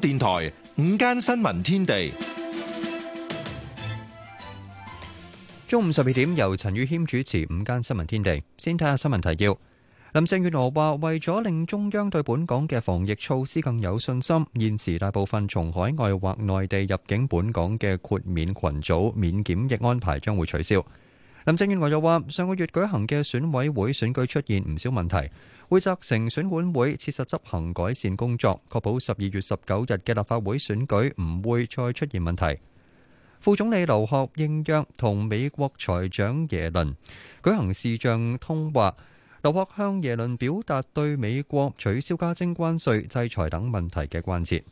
電台午間新聞天地，中午十二點由陳宇謙主持《午間新聞天地》。先睇下新聞提要。林鄭月娥話，為咗令中央對本港嘅防疫措施更有信心，現時大部分從海外或內地入境本港嘅豁免群組免檢疫安排將會取消。林鄭月娥又話：上個月舉行嘅選委會選舉出現唔少問題，會責成選管會切實執行改善工作，確保十二月十九日嘅立法會選舉唔會再出現問題。副總理劉鶴應約同美國財長耶倫舉行視像通話，劉鶴向耶倫表達對美國取消加徵關稅制裁等問題嘅關切。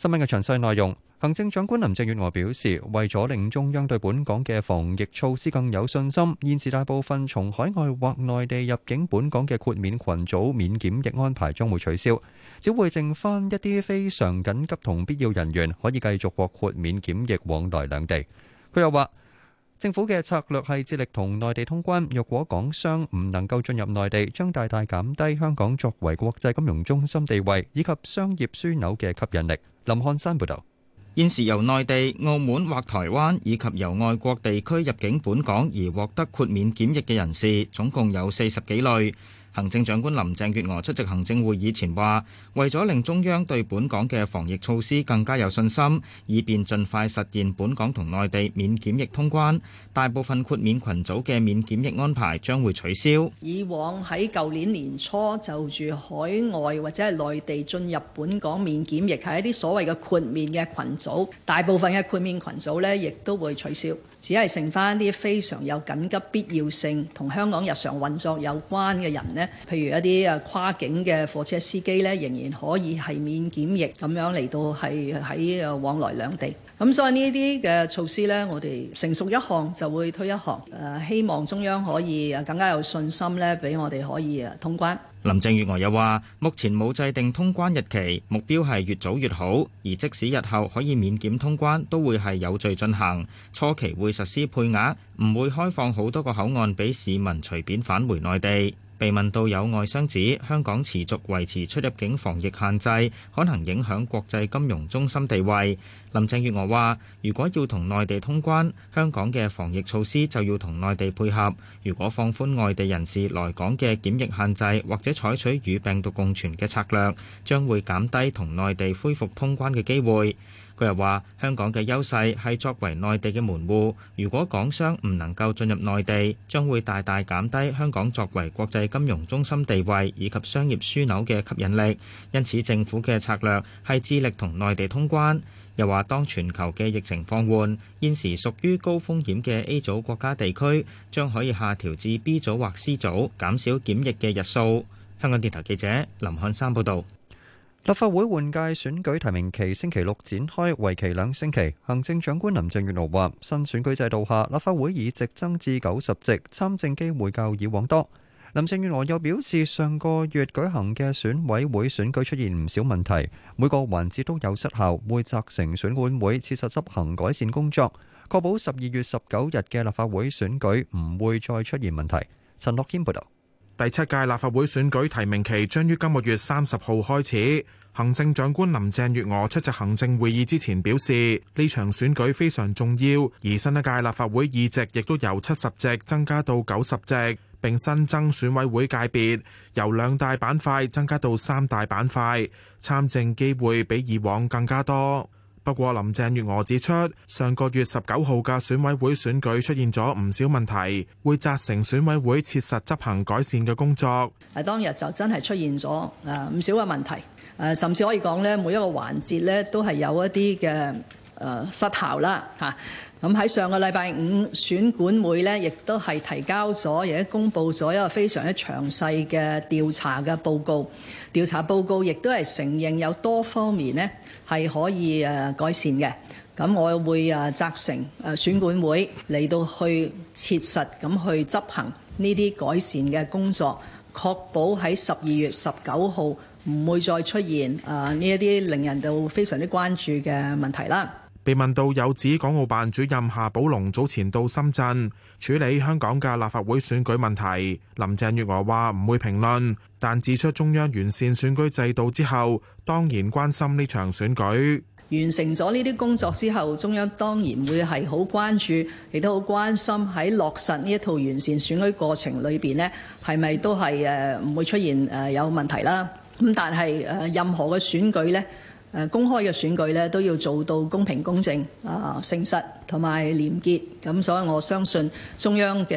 新聞嘅詳細內容，行政長官林鄭月娥表示，為咗令中央對本港嘅防疫措施更有信心，現時大部分從海外或內地入境本港嘅豁免羣組免檢疫安排將會取消，只會剩返一啲非常緊急同必要人員可以繼續獲豁免檢疫往來兩地。佢又話。政府嘅策略係致力同內地通關，若果港商唔能夠進入內地，將大大減低香港作為國際金融中心地位以及商業樞紐嘅吸引力。林漢山報導，現時由內地、澳門或台灣，以及由外國地區入境本港而獲得豁免檢疫嘅人士，總共有四十幾類。行政長官林鄭月娥出席行政會議前話，為咗令中央對本港嘅防疫措施更加有信心，以便盡快實現本港同內地免檢疫通關，大部分豁免群組嘅免檢疫安排將會取消。以往喺舊年年初就住海外或者係內地進入本港免檢疫，係一啲所謂嘅豁免嘅群組，大部分嘅豁免群組呢亦都會取消。只係剩返啲非常有緊急必要性同香港日常運作有關嘅人咧，譬如一啲跨境嘅貨車司機咧，仍然可以係免檢疫咁樣嚟到係喺往來兩地。咁所以呢啲嘅措施呢，我哋成熟一項就會推一項。誒，希望中央可以更加有信心咧，俾我哋可以通關。林鄭月娥又話：目前冇制定通關日期，目標係越早越好。而即使日後可以免檢通關，都會係有序進行。初期會實施配額，唔會開放好多個口岸俾市民隨便返回內地。被問到有外商指香港持續維持出入境防疫限制，可能影響國際金融中心地位。林鄭月娥話，如果要同內地通關，香港嘅防疫措施就要同內地配合。如果放寬外地人士來港嘅檢疫限制，或者採取與病毒共存嘅策略，將會減低同內地恢復通關嘅機會。佢又話：香港嘅優勢係作為內地嘅門戶，如果港商唔能夠進入內地，將會大大減低香港作為國際金融中心地位以及商業樞紐嘅吸引力。因此，政府嘅策略係致力同內地通關。又話當全球嘅疫情放緩，現時屬於高風險嘅 A 組國家地區將可以下調至 B 組或 C 組，減少檢疫嘅日數。香港電台記者林漢山報道。立法會換屆選舉提名期星期六展開，為期兩星期。行政長官林鄭月娥話：新選舉制度下，立法會議席增至九十席，參政機會較以往多。林鄭月娥又表示，上個月舉行嘅選委會選舉出現唔少問題，每個環節都有失效，會責成選管會切實執行改善工作，確保十二月十九日嘅立法會選舉唔會再出現問題。陳樂謙報道。第七屆立法會選舉提名期將於今個月三十號開始。行政長官林鄭月娥出席行政會議之前表示，呢場選舉非常重要，而新一屆立法會議席亦都由七十席增加到九十席，並新增選委會界別，由兩大板塊增加到三大板塊，參政機會比以往更加多。不過，林鄭月娥指出，上個月十九號嘅選委會選舉出現咗唔少問題，會責成選委會切實執行改善嘅工作。誒當日就真係出現咗誒唔少嘅問題，誒甚至可以講呢，每一個環節呢都係有一啲嘅誒失效啦嚇。咁喺上個禮拜五選管會呢，亦都係提交咗，亦都公布咗一個非常之詳細嘅調查嘅報告。調查報告亦都係承認有多方面呢，係可以誒改善嘅，咁我會誒責成誒選管會嚟到去切實咁去執行呢啲改善嘅工作，確保喺十二月十九號唔會再出現誒呢一啲令人都非常之關注嘅問題啦。被問到有指港澳辦主任夏寶龍早前到深圳處理香港嘅立法會選舉問題，林鄭月娥話唔會評論，但指出中央完善選舉制度之後，當然關心呢場選舉。完成咗呢啲工作之後，中央當然會係好關注，亦都好關心喺落實呢一套完善選舉過程裏邊呢，係咪都係誒唔會出現誒有問題啦。咁但係誒任何嘅選舉呢，誒公開嘅選舉咧，都要做到公平、公正、啊、呃、誠實同埋廉潔。咁、嗯、所以我相信中央嘅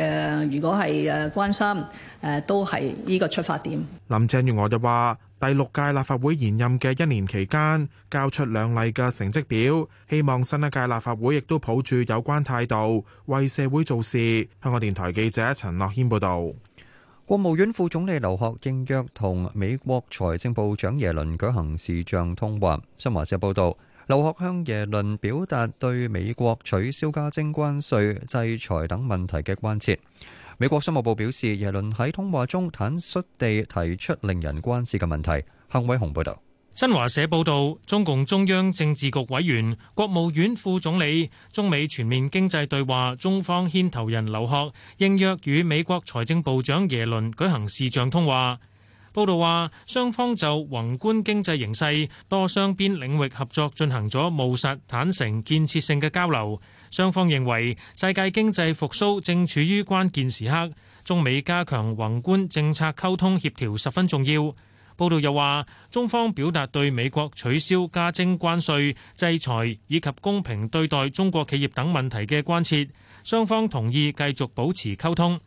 如果係誒關心誒、呃，都係呢個出發點。林鄭月娥就話：第六屆立法會延任嘅一年期間交出兩例嘅成績表，希望新一屆立法會亦都抱住有關態度為社會做事。香港電台記者陳樂軒報導。國務院副總理劉鶴應約同美國財政部長耶倫舉行視像通話。新華社報道，劉鶴向耶倫表達對美國取消加徵關稅、制裁等問題嘅關切。美國商務部表示，耶倫喺通話中坦率地提出令人關切嘅問題。幸偉雄報道。新華社報道，中共中央政治局委員、國務院副總理、中美全面經濟對話中方牽頭人劉鶴應約與美國財政部長耶倫舉行視像通話。報道話，雙方就宏觀經濟形勢、多雙邊領域合作進行咗務實、坦誠、建設性嘅交流。雙方認為，世界經濟復甦正處於關鍵時刻，中美加強宏觀政策溝通協調十分重要。報道又話，中方表達對美國取消加徵關稅、制裁以及公平對待中國企業等問題嘅關切，雙方同意繼續保持溝通。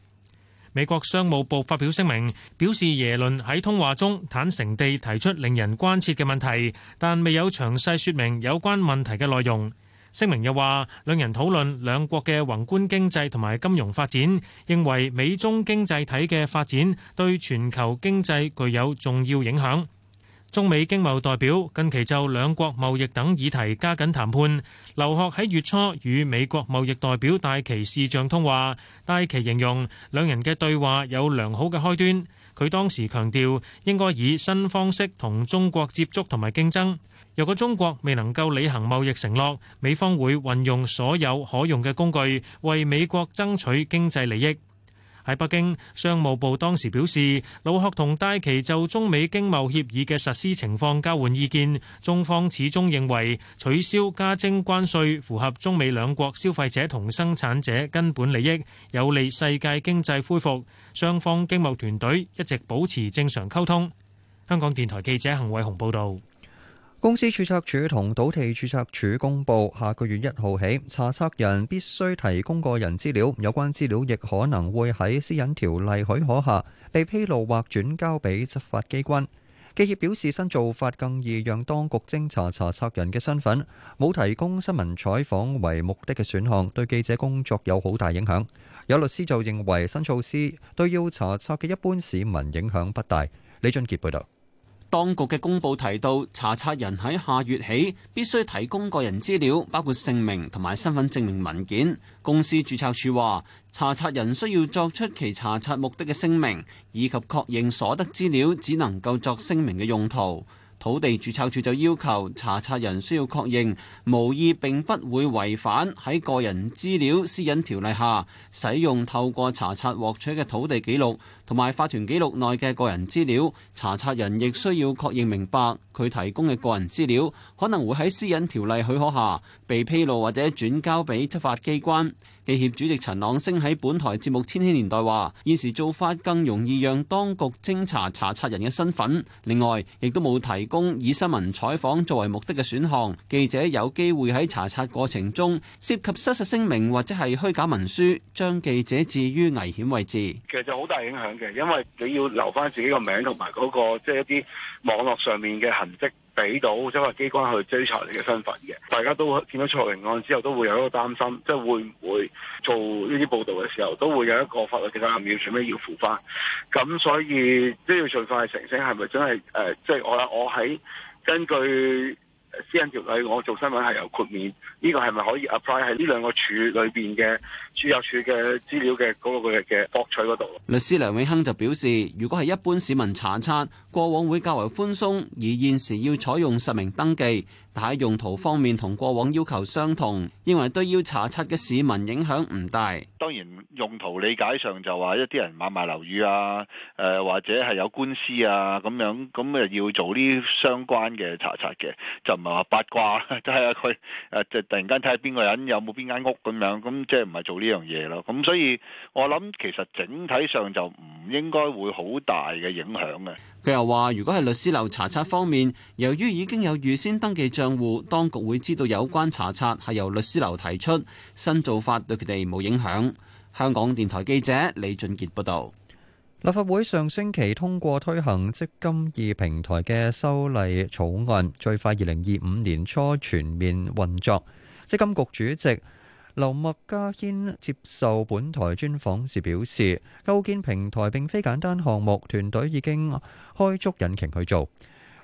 美國商務部發表聲明，表示耶倫喺通話中坦誠地提出令人關切嘅問題，但未有詳細説明有關問題嘅內容。聲明又話，兩人討論兩國嘅宏觀經濟同埋金融發展，認為美中經濟體嘅發展對全球經濟具有重要影響。中美經貿代表近期就兩國貿易等議題加緊談判。劉鶴喺月初與美國貿易代表戴琪視像通話，戴琪形容兩人嘅對話有良好嘅開端。佢當時強調，應該以新方式同中國接觸同埋競爭。若果中國未能夠履行貿易承諾，美方會運用所有可用嘅工具，為美國爭取經濟利益。喺北京，商務部當時表示，劉鶴同戴琪就中美經貿協議嘅實施情況交換意見，中方始終認為取消加徵關稅符合中美兩國消費者同生產者根本利益，有利世界經濟恢復。雙方經貿團隊一直保持正常溝通。香港電台記者陳偉雄報道。公司註冊處同土地註冊處公布，下個月一號起，查冊人必須提供個人資料，有關資料亦可能會喺私隱條例許可下被披露或轉交俾執法機關。記協表示，新做法更易讓當局偵查查冊人嘅身份，冇提供新聞採訪為目的嘅選項，對記者工作有好大影響。有律師就認為，新措施對要查冊嘅一般市民影響不大。李俊傑報導。當局嘅公佈提到，查冊人喺下月起必須提供個人資料，包括姓名同埋身份證明文件。公司註冊處話，查冊人需要作出其查冊目的嘅聲明，以及確認所得資料只能夠作聲明嘅用途。土地註冊處就要求查冊人需要確認，無意並不會違反喺個人資料私隱條例下使用透過查冊獲取嘅土地記錄同埋法團記錄內嘅個人資料。查冊人亦需要確認明白，佢提供嘅個人資料可能會喺私隱條例許可下被披露或者轉交俾執法機關。記協主席陳朗升喺本台節目《千禧年代》話：現時做法更容易讓當局偵查查冊人嘅身份。另外，亦都冇提供以新聞採訪作為目的嘅選項。記者有機會喺查冊過程中涉及失實聲明或者係虛假文書，將記者置於危險位置。其實好大影響嘅，因為你要留返自己個名同埋嗰個即係一啲網絡上面嘅痕跡。俾到即係話機關去追查你嘅身份嘅，大家都見到蔡明安之後都會有一個擔心，即、就、係、是、會唔會做呢啲報導嘅時候都會有一個法律嘅責任，全屘要付翻。咁所以都、就是、要盡快澄清係咪真係誒，即係、呃就是、我我喺根據私隱條例，我做新聞係有豁免，呢個係咪可以 apply 喺呢兩個處裏邊嘅處郵處嘅資料嘅嗰個嘅嘅獲取嗰度？律師梁永亨就表示，如果係一般市民查冊，過往會較為寬鬆，而現時要採用實名登記。喺用途方面同過往要求相同，因為對要查冊嘅市民影響唔大。當然用途理解上就話一啲人買賣樓宇啊，誒、呃、或者係有官司啊咁樣，咁誒要做啲相關嘅查冊嘅，就唔係話八卦， 就係去誒即係突然間睇下邊個人有冇邊間屋咁樣，咁即係唔係做呢樣嘢咯？咁所以我諗其實整體上就唔應該會好大嘅影響嘅。佢又話，如果係律師樓查冊方面，由於已經有預先登記帳戶，當局會知道有關查冊係由律師樓提出，新做法對佢哋冇影響。香港電台記者李俊傑報導。立法會上星期通過推行積金易平台嘅修例草案，最快二零二五年初全面運作。積金局主席劉麥嘉軒接受本台專訪時表示，構建平台並非簡單項目，團隊已經開足引擎去做。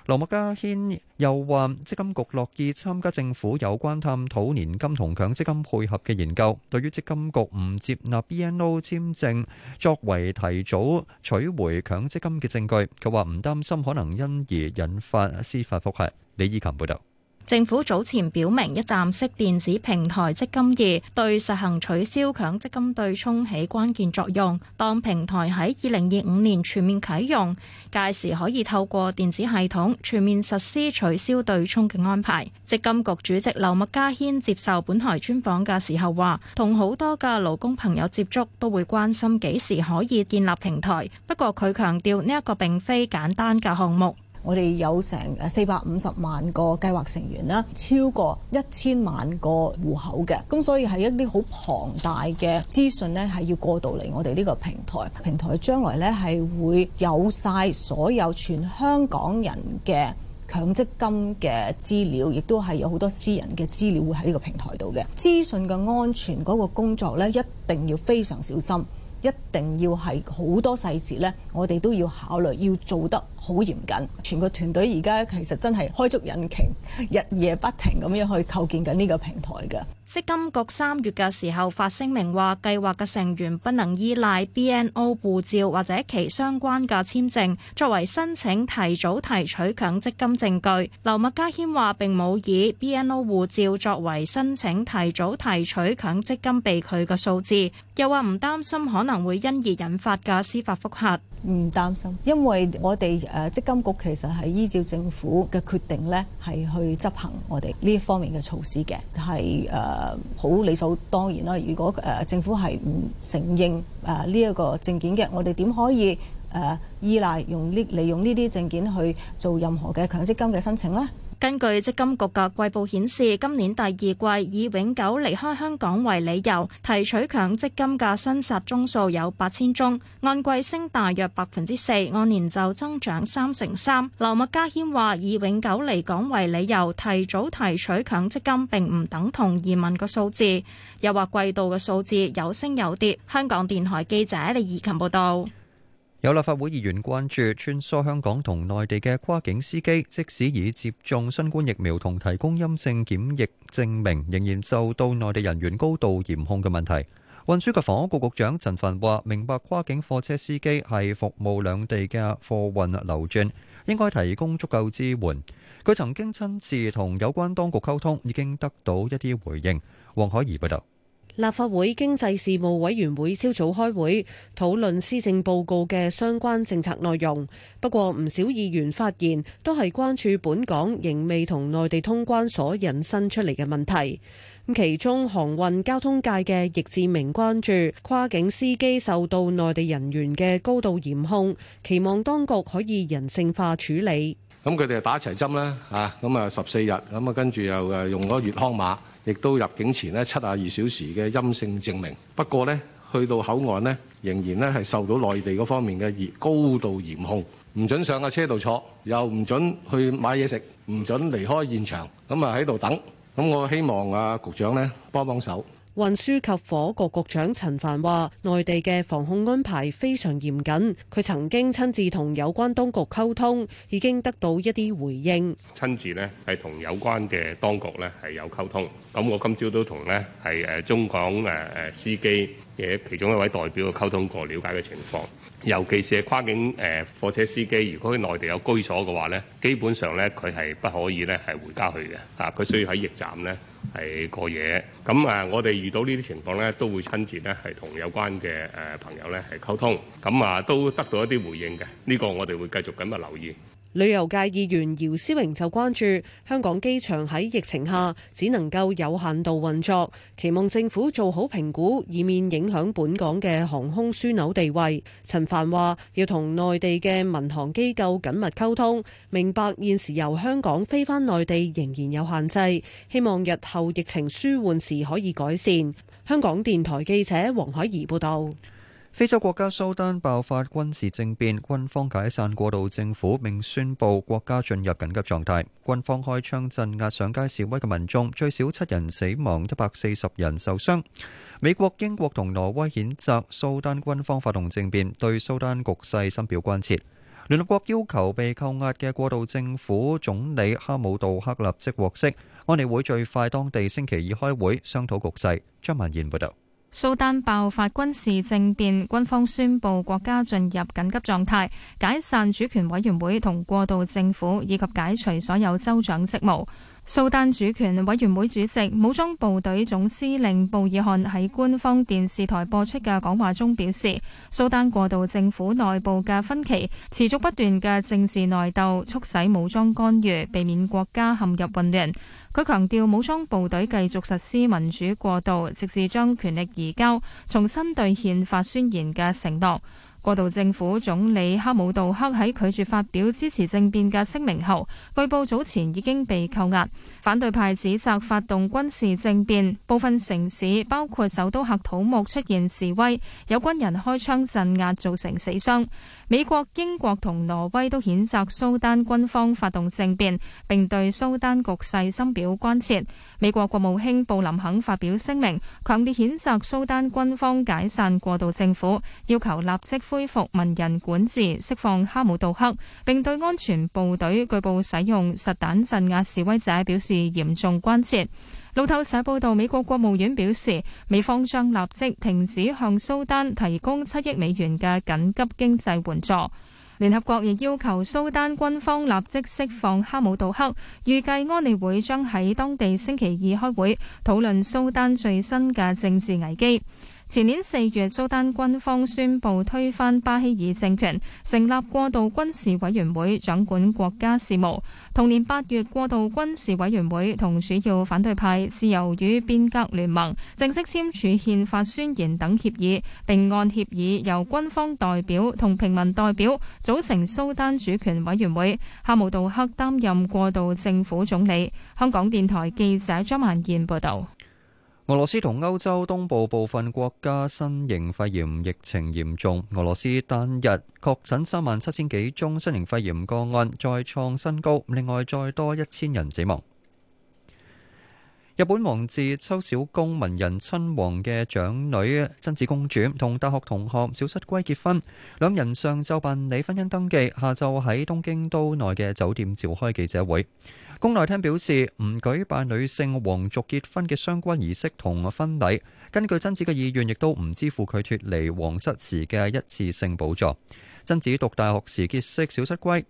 羅麥嘉軒又話：積金局樂意參加政府有關探討年金同強積金配合嘅研究。對於積金局唔接納 BNO 簽證作為提早取回強積金嘅證據，佢話唔擔心可能因而引發司法覆核。李依琴報道。政府早前表明，一站式電子平台積金易對實行取消強積金對沖起關鍵作用。當平台喺二零二五年全面啟用，屆時可以透過電子系統全面實施取消對沖嘅安排。積金局主席劉麥嘉軒接受本台專訪嘅時候話，同好多嘅勞工朋友接觸都會關心幾時可以建立平台。不過佢強調呢一個並非簡單嘅項目。我哋有成四百五十萬個計劃成員啦，超過一千萬個戶口嘅，咁所以係一啲好龐大嘅資訊咧，係要過渡嚟我哋呢個平台。平台將來咧係會有晒所有全香港人嘅強積金嘅資料，亦都係有好多私人嘅資料會喺呢個平台度嘅。資訊嘅安全嗰個工作咧，一定要非常小心，一定要係好多細節咧，我哋都要考慮，要做得好嚴謹，全個團隊而家其實真係開足引擎，日夜不停咁樣去構建緊呢個平台㗎。積金局三月嘅時候發聲明話，計劃嘅成員不能依賴 BNO 護照或者其相關嘅簽證作為申請提早提取強積金證據。劉麥嘉軒話並冇以 BNO 護照作為申請提早提取強積金被拒嘅數字，又話唔擔心可能會因而引發嘅司法覆核。唔擔心，因為我哋誒積金局其實係依照政府嘅決定咧，係去執行我哋呢一方面嘅措施嘅，係誒好理所當然啦。如果誒、呃、政府係唔承認誒呢一個證件嘅，我哋點可以誒、呃、依賴用呢利用呢啲證件去做任何嘅強積金嘅申請咧？根據積金局嘅季報顯示，今年第二季以永久離開香港為理由提取強積金嘅申索宗數有八千宗，按季升大約百分之四，按年就增長三成三。劉麥嘉軒話：以永久離港為理由提早提取強積金並唔等同移民個數字，又話季度嘅數字有升有跌。香港電台記者李怡琴報道。有立法會議員關注穿梭香港同內地嘅跨境司機，即使已接種新冠疫苗同提供陰性檢疫證明，仍然受到內地人員高度嚴控嘅問題。運輸及房屋局局長陳帆話：明白跨境貨車司機係服務兩地嘅貨運流轉，應該提供足夠支援。佢曾經親自同有關當局溝通，已經得到一啲回應。黃海怡報道。立法會經濟事務委員會朝早開會討論施政報告嘅相關政策內容，不過唔少議員發言都係關注本港仍未同內地通關所引申出嚟嘅問題。其中航運交通界嘅易志明關注跨境司機受到內地人員嘅高度嚴控，期望當局可以人性化處理。咁佢哋啊打一齊針啦，嚇咁啊十四日，咁啊跟住又誒用嗰個粵康碼，亦都入境前咧七十二小時嘅陰性證明。不過咧，去到口岸咧，仍然咧係受到內地嗰方面嘅嚴高度嚴控，唔準上架車度坐，又唔準去買嘢食，唔準離開現場，咁啊喺度等。咁我希望啊局長咧幫幫手。運輸及火局局長陳帆話：內地嘅防控安排非常嚴謹，佢曾經親自同有關當局溝通，已經得到一啲回應。親自呢係同有關嘅當局呢係有溝通，咁我今朝都同呢係誒中港誒誒司機嘅其中一位代表溝通過，了解嘅情況。尤其是係跨境誒、呃、貨車司機，如果佢內地有居所嘅話咧，基本上咧佢係不可以咧係回家去嘅，啊佢需要喺驛站咧係過夜。咁啊，我哋遇到呢啲情況咧，都會親自咧係同有關嘅誒、呃、朋友咧係溝通，咁啊都得到一啲回應嘅。呢、這個我哋會繼續咁啊留意。旅遊界議員姚思榮就關注香港機場喺疫情下只能夠有限度運作，期望政府做好評估，以免影響本港嘅航空樞紐地位。陳帆話：要同內地嘅民航機構緊密溝通，明白現時由香港飛返內地仍然有限制，希望日後疫情舒緩時可以改善。香港電台記者黃海怡報道。非洲國家蘇丹爆發軍事政變，軍方解散過渡政府並宣布國家進入緊急狀態，軍方開槍鎮壓上街示威嘅民眾，最少七人死亡，一百四十人受傷。美國、英國同挪威譴責蘇丹軍方發動政變，對蘇丹局勢深表關切。聯合國要求被扣押嘅過渡政府總理哈姆杜克立即獲釋。安理會最快當地星期二開會商討局勢。張文賢報導。蘇丹爆發軍事政變，軍方宣布國家進入緊急狀態，解散主權委員會同過渡政府，以及解除所有州長職務。蘇丹主權委員會主席、武裝部隊總司令布爾汗喺官方電視台播出嘅講話中表示，蘇丹過渡政府內部嘅分歧持續不斷嘅政治內鬥，促使武裝干預，避免國家陷入混亂。佢強調，武裝部隊繼續實施民主過渡，直至將權力移交，重新對憲法宣言嘅承諾。過渡政府總理哈姆道克喺拒絕發表支持政變嘅聲明後，據報早前已經被扣押。反對派指責發動軍事政變，部分城市包括首都喀土穆出現示威，有軍人開槍鎮壓，造成死傷。美國、英國同挪威都譴責蘇丹軍方發動政變，並對蘇丹局勢深表關切。美國國務卿布林肯發表聲明，強烈譴責蘇丹軍方解散過渡政府，要求立即恢復文人管治、釋放哈姆杜克，並對安全部隊據報使用實彈鎮壓示威者表示嚴重關切。路透社報道，美國國務院表示，美方將立即停止向蘇丹提供七億美元嘅緊急經濟援助。聯合國亦要求蘇丹軍方立即釋放哈姆杜克。預計安理會將喺當地星期二開會討論蘇丹最新嘅政治危機。前年四月，蘇丹軍方宣布推翻巴希爾政權，成立過渡軍事委員會掌管國家事務。同年八月，過渡軍事委員會同主要反對派自由與變革聯盟正式簽署憲法宣言等協議，並按協議由軍方代表同平民代表組成蘇丹主權委員會。哈姆杜克擔任過渡政府總理。香港電台記者張曼燕報導。俄羅斯同歐洲東部部分國家新型肺炎疫情嚴重，俄羅斯單日確診三萬七千幾宗新型肺炎個案，再創新高。另外，再多一千人死亡。日本王室秋篠宮文仁親王嘅長女真子公主同大學同學小室圭結婚，兩人上晝辦理婚姻登記，下晝喺東京都內嘅酒店召開記者會。宮內廳表示，唔舉辦女性皇族結婚嘅相關儀式同婚禮。根據真子嘅意願，亦都唔支付佢脱離皇室時嘅一次性補助。真子讀大學時結識小室圭，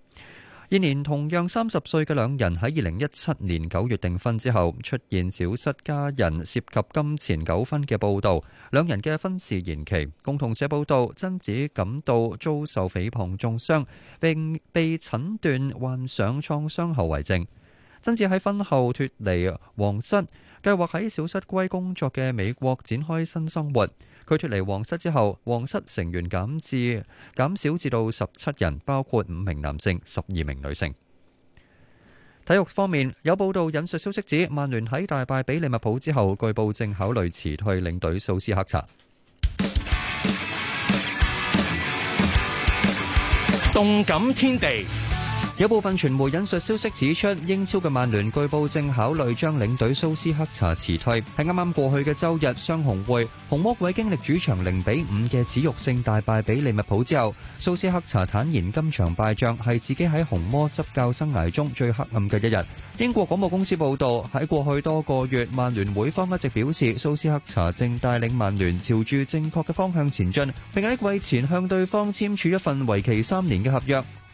現年同樣三十歲嘅兩人喺二零一七年九月訂婚，之後出現小室家人涉及金錢糾紛嘅報導。兩人嘅婚事延期。共同社報道，真子感到遭受誹謗重傷，並被診斷患上創傷後遺症。真子喺婚後脫離皇室，計劃喺小室圭工作嘅美國展開新生活。佢脫離皇室之後，皇室成員減至減少至到十七人，包括五名男性、十二名女性。體育方面，有報道引述消息指，曼聯喺大敗比利物浦之後，據報正考慮辭退領隊蘇斯克查。動感天地。有部分傳媒引述消息指出，英超嘅曼聯據報正考慮將領隊蘇斯克查辭退。喺啱啱過去嘅周日雙紅會，紅魔鬼經歷主場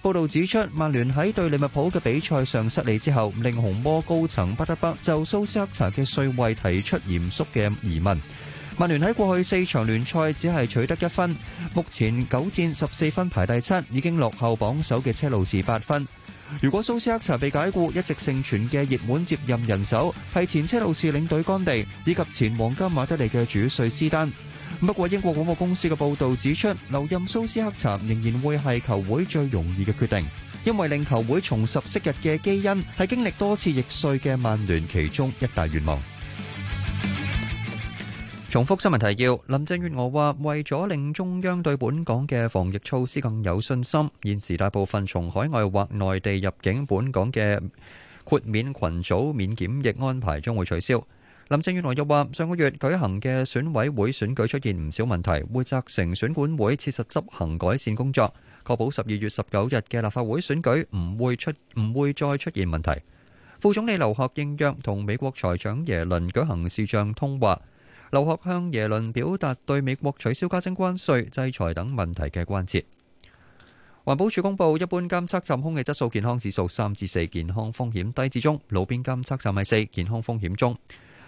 報道指出，曼聯喺對利物浦嘅比賽上失利之後，令紅魔高層不得不就蘇斯克查嘅帥位提出嚴肅嘅疑問。曼聯喺過去四場聯賽只係取得一分，目前九戰十四分排第七，已經落後榜首嘅車路士八分。如果蘇斯克查被解雇，一直盛傳嘅熱門接任人手係前車路士領隊干地，以及前皇家馬德里嘅主帥斯丹。不過，英國廣播公司嘅報道指出，留任蘇斯克查仍然會係球會最容易嘅決定，因為令球會重拾昔日嘅基因，係經歷多次易帥嘅曼聯其中一大願望。重複新聞提要：林鄭月娥話，為咗令中央對本港嘅防疫措施更有信心，現時大部分從海外或內地入境本港嘅豁免群組免檢疫安排將會取消。林鄭月娥又話：上個月舉行嘅選委會選舉出現唔少問題，會責成選管會切實執行改善工作，確保十二月十九日嘅立法會選舉唔會出唔會再出現問題。副總理劉鶴應約同美國財長耶倫舉行視像通話，劉鶴向耶倫表達對美國取消加徵關稅、制裁等問題嘅關切。環保署公佈一般監測站空氣質素健康指數三至四，健康風險低至中；路邊監測站係四，健康風險中。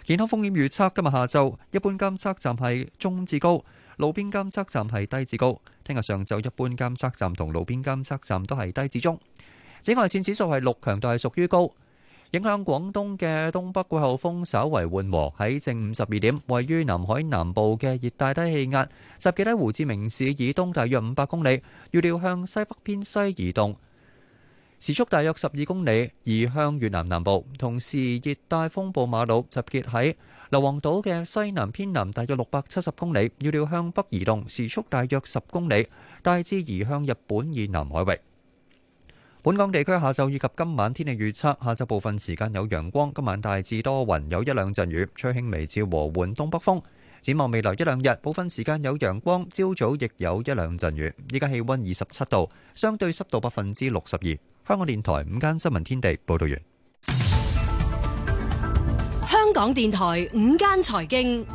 健康風險預測今日下晝一般監測站係中至高，路邊監測站係低至高。聽日上晝一般監測站同路邊監測站都係低至中。紫外線指數係六，強度係屬於高，影響廣東嘅東北季候風稍為緩和，喺正午十二點，位於南海南部嘅熱帶低氣壓，集結喺胡志明市以東大約五百公里，預料向西北偏西移動。時速大約十二公里，移向越南南部。同時，熱帶風暴馬路集結喺硫黃島嘅西南偏南大約六百七十公里，預料向北移動，時速大約十公里，大致移向日本以南海域。本港地區下晝以及今晚天氣預測：下晝部分時間有陽光，今晚大致多雲，有一兩陣雨，吹輕微至和緩東北風。展望未來一兩日，部分時間有陽光，朝早亦有一兩陣雨。依家氣温二十七度，相對濕度百分之六十二。香港電台午間新聞天地報導完。香港電台午間財經，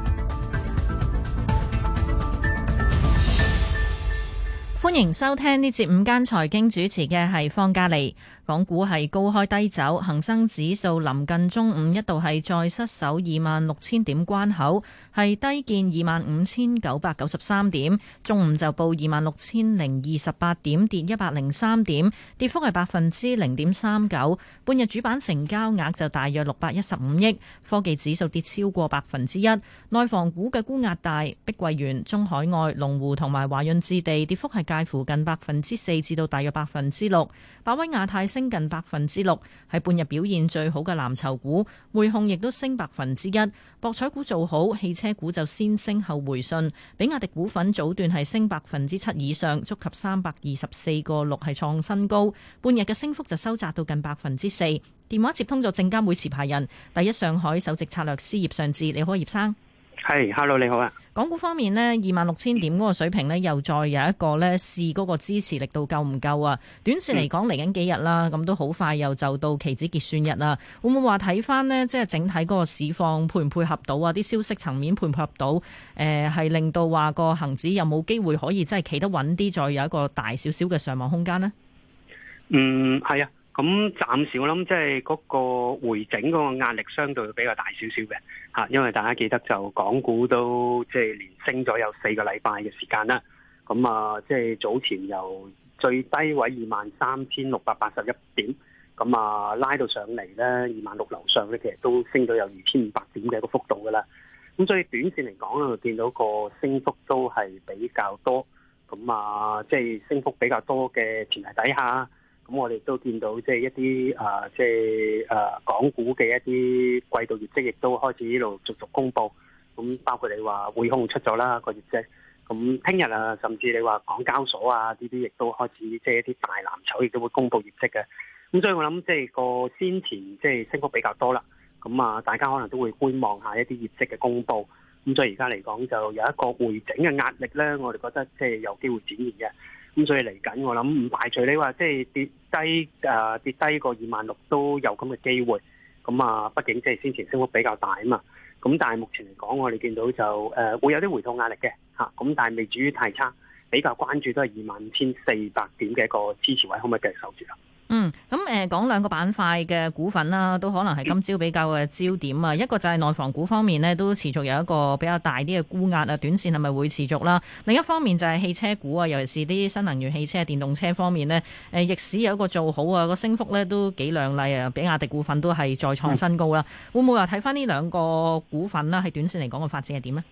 歡迎收聽呢節午間財經，主持嘅係方嘉莉。港股係高開低走，恒生指數臨近中午一度係再失守二萬六千點關口，係低見二萬五千九百九十三點。中午就報二萬六千零二十八點，跌一百零三點，跌幅係百分之零點三九。半日主板成交額就大約六百一十五億。科技指數跌超過百分之一，內房股嘅沽壓大，碧桂園、中海外、龍湖同埋華潤置地跌幅係介乎近百分之四至到大約百分之六。百威亞太升近百分之六，係半日表現最好嘅藍籌股，匯控亦都升百分之一。博彩股做好，汽車股就先升後回順。比亞迪股份早段係升百分之七以上，觸及三百二十四個六係創新高，半日嘅升幅就收窄到近百分之四。電話接通咗證監會持牌人，第一上海首席策略師葉尚志，你好，葉生。係、hey，hello，你好啊！港股方面呢，二萬六千點嗰個水平呢，又再有一個呢，試嗰個支持力度夠唔夠啊？短綫嚟講嚟緊幾日啦，咁都好快又就到期指結算日啦。會唔會話睇翻呢？即係整體嗰個市況配唔配合到啊？啲消息層面配唔配合到誒，係、呃、令到話個恒指有冇機會可以真係企得穩啲，再有一個大少少嘅上望空間呢？嗯，係啊。咁暫時我諗即係嗰個回整嗰個壓力相對比較大少少嘅嚇，因為大家記得就港股都即係連升咗有四個禮拜嘅時間啦。咁啊，即係早前由最低位二萬三千六百八十一點，咁啊拉到上嚟咧二萬六樓上咧，其實都升咗有二千五百點嘅一個幅度噶啦。咁所以短線嚟講咧，就見到個升幅都係比較多，咁啊，即係升幅比較多嘅前提底下。咁我哋都見到，即係一啲誒，即係誒港股嘅一啲季度業績，亦都開始一路陸陸續續公布。咁包括你話匯控出咗啦個業績，咁聽日啊，甚至你話港交所啊，呢啲亦都開始即係一啲大藍籌，亦都會公布業績嘅。咁所以我諗，即係個先前即係升幅比較多啦。咁啊，大家可能都會觀望下一啲業績嘅公布。咁所以而家嚟講，就有一個回整嘅壓力咧。我哋覺得即係有機會展現嘅。咁所以嚟緊，我諗唔排除你話即係跌低，誒、呃、跌低個二萬六都有咁嘅機會。咁啊，畢竟即係先前升幅比較大啊嘛。咁但係目前嚟講，我哋見到就誒、呃、會有啲回吐壓力嘅嚇。咁、啊、但係未至於太差，比較關注都係二萬五千四百點嘅一個支持位，可唔可以繼續守住啊？嗯，咁誒，講兩個板塊嘅股份啦，都可能係今朝比較嘅焦點啊。嗯、一個就係內房股方面呢，都持續有一個比較大啲嘅沽壓啊，短線係咪會持續啦？另一方面就係汽車股啊，尤其是啲新能源汽車、電動車方面呢，誒，逆市有一個做好啊，個升幅呢都幾靚麗啊，比亞迪股份都係再創新高啦。嗯、會唔會話睇翻呢兩個股份啦？喺短線嚟講嘅發展係點呢？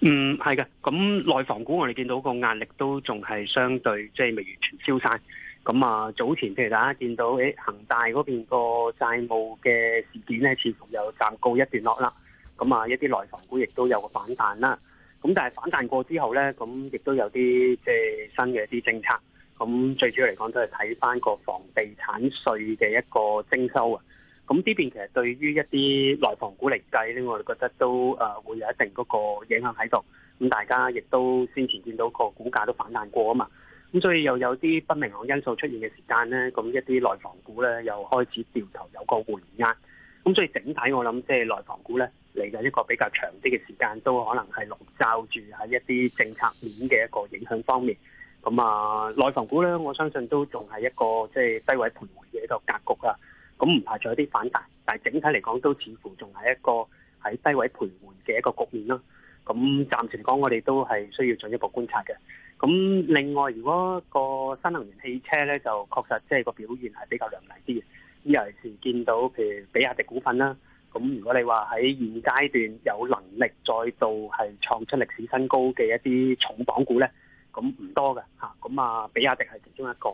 嗯，係嘅。咁內房股我哋見到個壓力都仲係相對，即係未完全消散。咁啊，早前譬如大家見到誒、欸、恒大嗰邊個債務嘅事件咧，似乎又暫告一段落啦。咁啊，一啲內房股亦都有個反彈啦。咁但係反彈過之後咧，咁亦都有啲即係新嘅一啲政策。咁最主要嚟講都係睇翻個房地產稅嘅一個徵收啊。咁呢邊其實對於一啲內房股嚟計咧，我哋覺得都誒、呃、會有一定嗰個影響喺度。咁大家亦都先前見到個股價都反彈過啊嘛。咁所以又有啲不明朗因素出現嘅時間咧，咁一啲內房股咧又開始掉頭有個回壓。咁所以整體我諗，即係內房股咧嚟緊一個比較長啲嘅時間，都可能係籠罩住喺一啲政策面嘅一個影響方面。咁啊內房股咧，我相信都仲係一個即係、就是、低位徘徊嘅一個格局啊。咁唔怕再有啲反彈。但係整體嚟講，都似乎仲係一個喺低位徘徊嘅一個局面咯。咁暫時嚟講，我哋都係需要進一步觀察嘅。咁另外，如果個新能源汽車咧，就確實即係個表現係比較亮麗啲嘅。尤其係見到譬如比亞迪股份啦。咁如果你話喺現階段有能力再度係創出歷史新高嘅一啲重磅股咧，咁唔多嘅吓。咁啊，比亞迪係其中一個。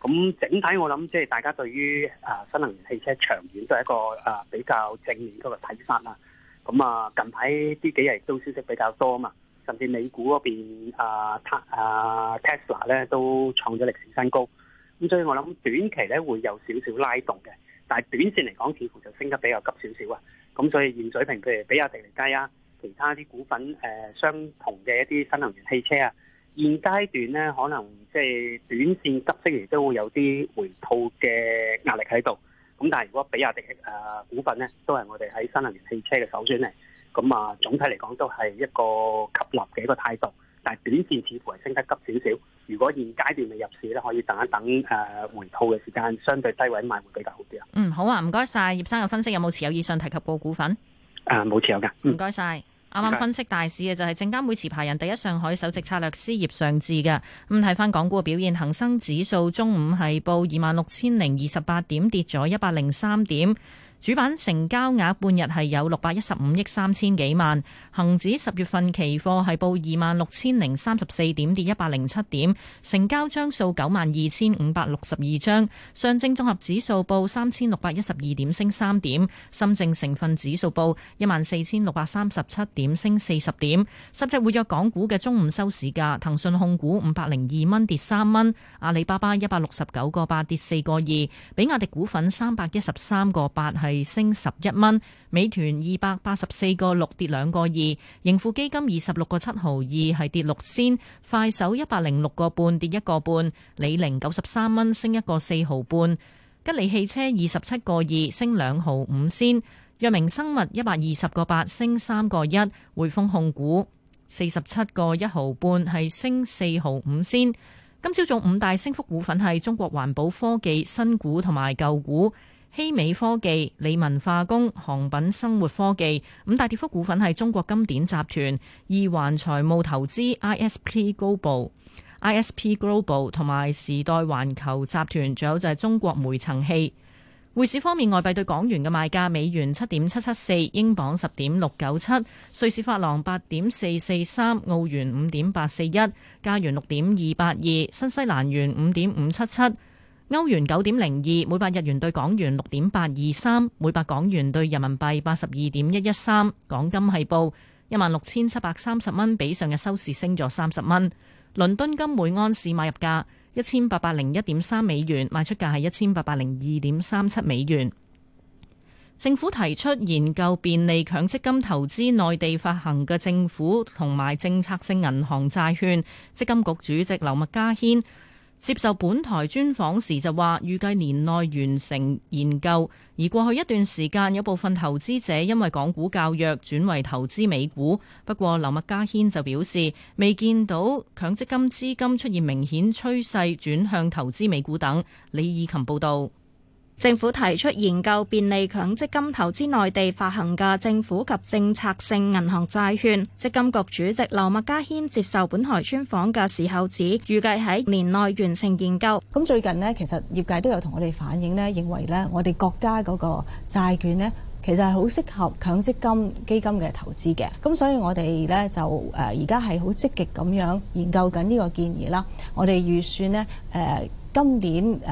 咁整體我諗，即係大家對於啊新能源汽車長遠都係一個啊比較正面嗰個睇法啦。咁啊，近排呢幾日都消息比較多嘛，甚至美股嗰邊啊，Tesla 咧都創咗歷史新高，咁所以我諗短期咧會有少少拉動嘅，但係短線嚟講似乎就升得比較急少少啊，咁所以現水平譬如比亞迪利雞啊，其他啲股份誒相同嘅一啲新能源汽車啊，現階段咧可能即係短線急升亦都會有啲回吐嘅壓力喺度。咁但係如果比亞迪誒股份咧，都係我哋喺新能源汽車嘅首選嚟，咁啊，總體嚟講都係一個吸納嘅一個態度，但係短線似乎係升得急少少。如果現階段未入市咧，可以等一等誒回吐嘅時間，相對低位買會比較好啲啊。嗯，好啊，唔該晒葉生嘅分析，有冇持有以上提及過股份？啊，冇持有噶。唔該晒。謝謝啱啱分析大市嘅就係證監會持牌人第一上海首席策略師葉尚志嘅，咁睇返港股嘅表現，恒生指數中午係報二萬六千零二十八點，跌咗一百零三點。主板成交額半日係有六百一十五億三千幾萬，恒指十月份期貨係報二萬六千零三十四點跌一百零七點，成交張數九萬二千五百六十二張。上證綜合指數報三千六百一十二點升三點，深證成分指數報一萬四千六百三十七點升四十點。十隻活躍港股嘅中午收市價，騰訊控股五百零二蚊跌三蚊，阿里巴巴一百六十九個八跌四個二，比亞迪股份三百一十三個八係。係升十一蚊，美團二百八十四個六跌兩個二，盈富基金二十六個七毫二係跌六仙，快手一百零六個半跌一個半，李寧九十三蚊升一個四毫半，吉利汽車二十七個二升兩毫五仙，藥明生物一百二十個八升三個一，匯豐控股四十七個一毫半係升四毫五仙。今朝早五大升幅股份係中國環保科技新股同埋舊股。希美科技、理文化工、航品生活科技，五大跌幅股份係中國金典集團、二環財務投資 ISP Global、ISP Global 同埋時代環球集團，仲有就係中國煤層氣。匯市方面，外幣對港元嘅賣價：美元七點七七四，英鎊十點六九七，瑞士法郎八點四四三，澳元五點八四一，加元六點二八二，新西蘭元五點五七七。歐元九點零二，每百日元對港元六點八二三，每百港元對人民幣八十二點一一三。港金係報一萬六千七百三十蚊，比上日收市升咗三十蚊。倫敦金每安士買入價一千八百零一點三美元，賣出價係一千八百零二點三七美元。政府提出研究便利強積金投資內地發行嘅政府同埋政策性銀行債券。積金局主席劉麥嘉軒。接受本台專訪時就話預計年內完成研究，而過去一段時間有部分投資者因為港股較弱，轉為投資美股。不過劉麥嘉軒就表示未見到強積金資金出現明顯趨勢轉向投資美股等。李以琴報道。政府提出研究便利強積金投資內地發行嘅政府及政策性銀行債券，積金局主席劉麥嘉軒接受本台專訪嘅時候指，預計喺年內完成研究。咁最近呢，其實業界都有同我哋反映呢，認為呢，我哋國家嗰個債券呢，其實係好適合強積金基金嘅投資嘅。咁所以我哋呢，就誒而家係好積極咁樣研究緊呢個建議啦。我哋預算呢，誒、呃。今年誒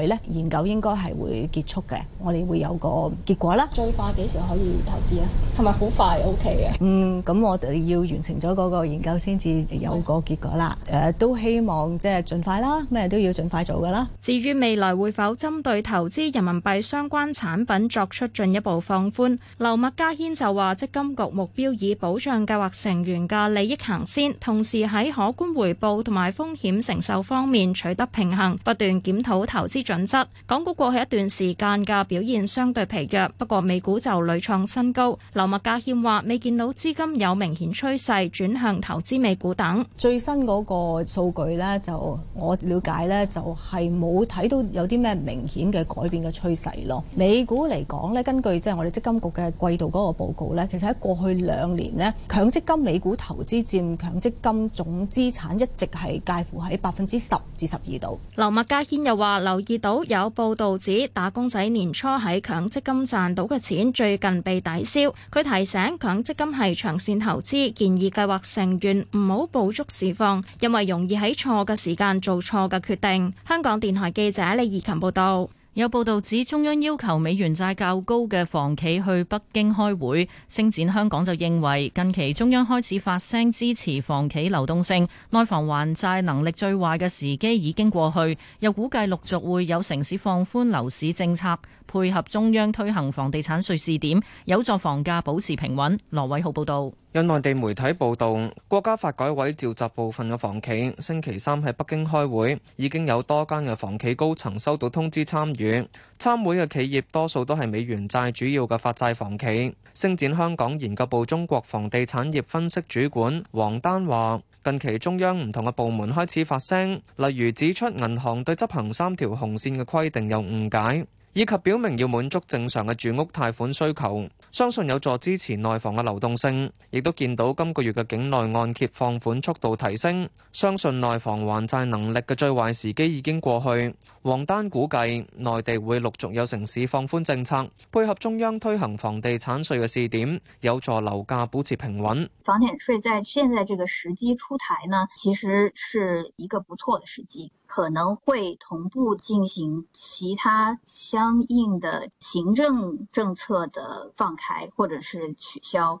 內咧研究應該係會結束嘅，我哋會有個結果啦。最快幾時可以投資啊，係咪好快？O K 嘅。嗯，咁我哋要完成咗嗰個研究先至有個結果啦。誒都希望即係盡快啦，咩都要盡快做噶啦。至於未來會否針對投資人民幣相關產品作出進一步放寬，劉麥嘉軒就話積金局目標以保障計劃成員嘅利益行先，同時喺可觀回報同埋風險承受方面取得平衡。不斷檢討投資準則，港股過去一段時間嘅表現相對疲弱。不過美股就屢創新高。劉麥家謙話：未見到資金有明顯趨勢轉向投資美股等。最新嗰個數據呢，就我了解呢，就係冇睇到有啲咩明顯嘅改變嘅趨勢咯。美股嚟講呢，根據即係我哋積金局嘅季度嗰個報告呢，其實喺過去兩年呢，強積金美股投資佔強積金總資產一直係介乎喺百分之十至十二度。劉麥嘉軒又話：留意到有報道指打工仔年初喺強積金賺到嘅錢，最近被抵消。佢提醒強積金係長線投資，建議計劃成員唔好捕捉市況，因為容易喺錯嘅時間做錯嘅決定。香港電台記者李怡琴報道。有報道指中央要求美元債較高嘅房企去北京開會，星展香港就認為近期中央開始發聲支持房企流動性，內房還債能力最壞嘅時機已經過去，又估計陸續會有城市放寬樓市政策。配合中央推行房地產稅試點，有助房價保持平穩。羅偉浩報道。有內地媒體報道，國家發改委召集部分嘅房企星期三喺北京開會，已經有多間嘅房企高層收到通知參與參會嘅企業，多數都係美元債主要嘅發債房企。星展香港研究部中國房地產業分析主管黃丹話，近期中央唔同嘅部門開始發聲，例如指出銀行對執行三條紅線嘅規定有誤解。以及表明要滿足正常嘅住屋貸款需求，相信有助支持內房嘅流動性，亦都見到今個月嘅境內按揭放款速度提升，相信內房還債能力嘅最壞時機已經過去。黃丹估計內地會陸續有城市放寬政策，配合中央推行房地產稅嘅試點，有助樓價保持平穩。房產稅在現在這個時機出台呢，其實是一個不錯的時機。可能會同步進行其他相應的行政政策的放開，或者是取消。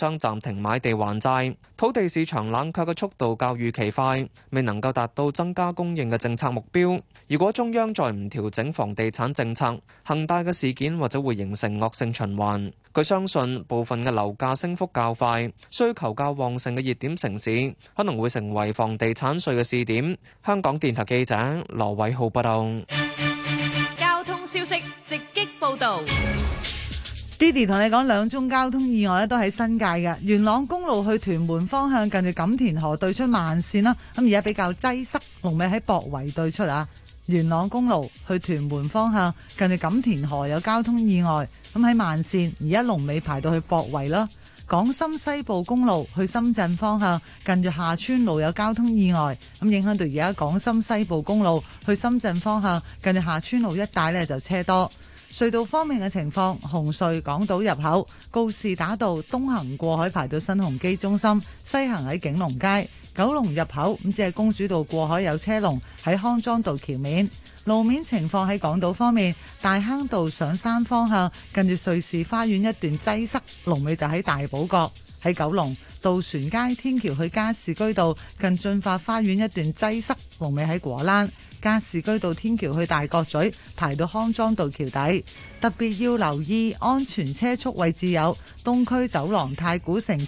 將暫停買地還債，土地市場冷卻嘅速度較預期快，未能夠達到增加供應嘅政策目標。如果中央再唔調整房地產政策，恒大嘅事件或者會形成惡性循環。佢相信部分嘅樓價升幅較快，需求較旺盛嘅熱點城市可能會成為房地產稅嘅試點。香港電台記者羅偉浩報道。交通消息直擊報道。Didi 同你講兩宗交通意外咧，都喺新界嘅元朗公路去屯門方向，近住錦田河對出慢線啦。咁而家比較擠塞，龍尾喺博圍對出啊。元朗公路去屯門方向，近住錦田河有交通意外，咁喺慢線而家龍尾排到去博圍咯。港深西部公路去深圳方向，近住下川路有交通意外，咁影響到而家港深西部公路去深圳方向近住下川路一帶咧就車多。隧道方面嘅情況，紅隧港島入口告士打道東行過海排到新鴻基中心，西行喺景隆街；九龍入口咁只係公主道過海有車龍，喺康莊道橋面。路面情況喺港島方面，大坑道上山方向近住瑞士花園一段擠塞，龍尾就喺大寶角，喺九龍渡船街天橋去加士居道近駿發花園一段擠塞，龍尾喺果欄。加士居道天橋去大角咀，排到康莊道橋底，特別要留意安全車速位置有東區走廊、太古城。